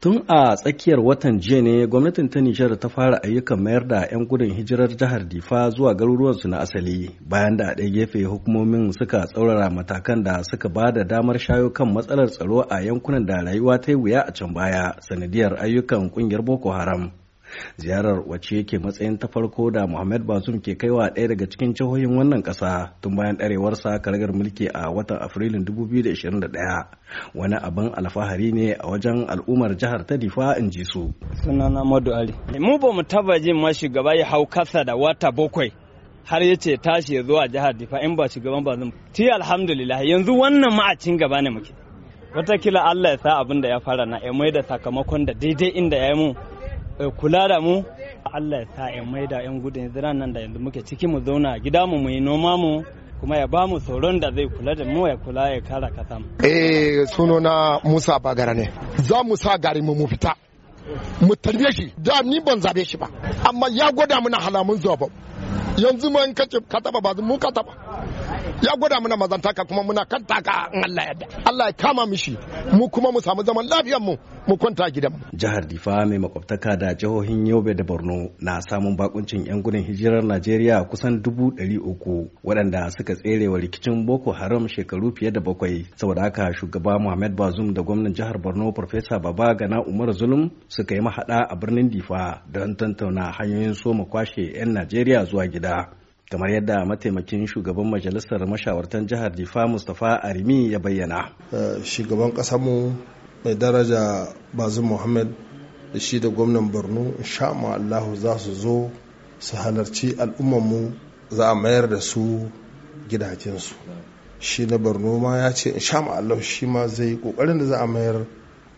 Tun a tsakiyar watan jiya ne gwamnatin ta Nijar ta fara ayyukan mayar da 'yan gudun hijirar jihar Difa zuwa garuruwansu na asali bayan da a ɗaya gefe hukumomin suka tsaurara matakan da suka ba da damar shayo kan matsalar tsaro a yankunan da rayuwa ta yi wuya a can baya sanadiyar ayyukan ƙungiyar Boko Haram. ziyarar wace yake matsayin ta farko da muhammad bazum ke kaiwa ɗaya daga cikin jihohin wannan ƙasa tun bayan ɗarewarsa karagar mulki a watan afrilun 2021 wani abin alfahari ne a wajen al'ummar jihar ta difa in ji su sunana madu ali mu ba mu taba jin ma shugaba ya hau kasa da wata bakwai har ya ce tashi ya zuwa jihar difa in ba shugaban bazum ti alhamdulillah yanzu wannan ma a gaba ne muke watakila allah ya sa abin da ya fara na ya mai da sakamakon da daidai inda ya yi mu Eh, kula da mu Allah ya sa in da yan gudun hijira nan da yanzu muke ciki mu zauna gida mu mu yi noma mu kuma ya ba mu tsoron da zai kula da mu ya kula ya kara kasa eh na Musa Bagara ne za mu sa gari mu fita mu tarbe shi da ni ban zabe shi ba amma ya gwada mana halamun zuwa yanzu mun kace ka taba ba mu ka taba ya gwada muna mazantaka kuma muna kan taka in Allah yadda Allah ya kama mishi mu kuma mu samu zaman lafiyar mu mu kwanta gidan mu jihar Difa mai makwabtaka da jihohin Yobe da Borno na samun bakuncin yan gudun hijirar Najeriya kusan dubu ɗari uku waɗanda suka tsere wa rikicin Boko Haram shekaru fiye da bakwai saboda haka shugaba Muhammad Bazum da gwamnan jihar Borno Farfesa Baba Gana Umar Zulum suka yi mahaɗa a birnin Difa don tantauna hanyoyin soma kwashe 'yan Najeriya zuwa gida. kamar yadda mataimakin shugaban majalisar mashawartan jihar difa mustapha arimi ya bayyana eh, shugaban kasanmu mai daraja bazin muhammad da shi da gwamnan borno insha allahu za su zo su halarci al'ummanmu za a mayar da su gidajensu shi na borno ma ya ce insha allahu shi ma zai kokarin da za a mayar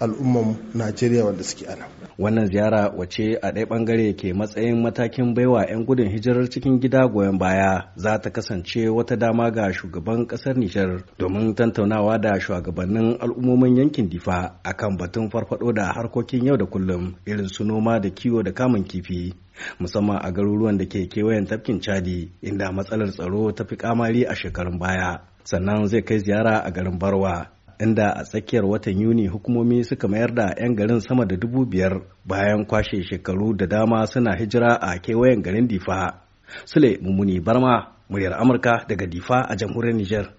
al'umman Najeriya wanda suke ana. Wannan ziyara wace a ɗaya ɓangare ke matsayin matakin baiwa 'yan gudun hijirar cikin gida goyon baya za ta kasance wata dama ga shugaban ƙasar Nijar domin tantaunawa da shugabannin al'ummomin yankin Difa kan batun farfado da harkokin yau da kullum irin su noma da kiwo da kamun kifi. musamman a garuruwan da ke kewayen tafkin chadi inda matsalar tsaro ta fi kamari a shekarun baya sannan zai kai ziyara a garin barwa inda a tsakiyar watan Yuni hukumomi suka mayar da 'yan garin sama da dubu biyar bayan kwashe shekaru da dama suna hijira a kewayen garin Difa. Sule Mummuni Barma, muryar Amurka daga Difa a jamhuriyar Nijar.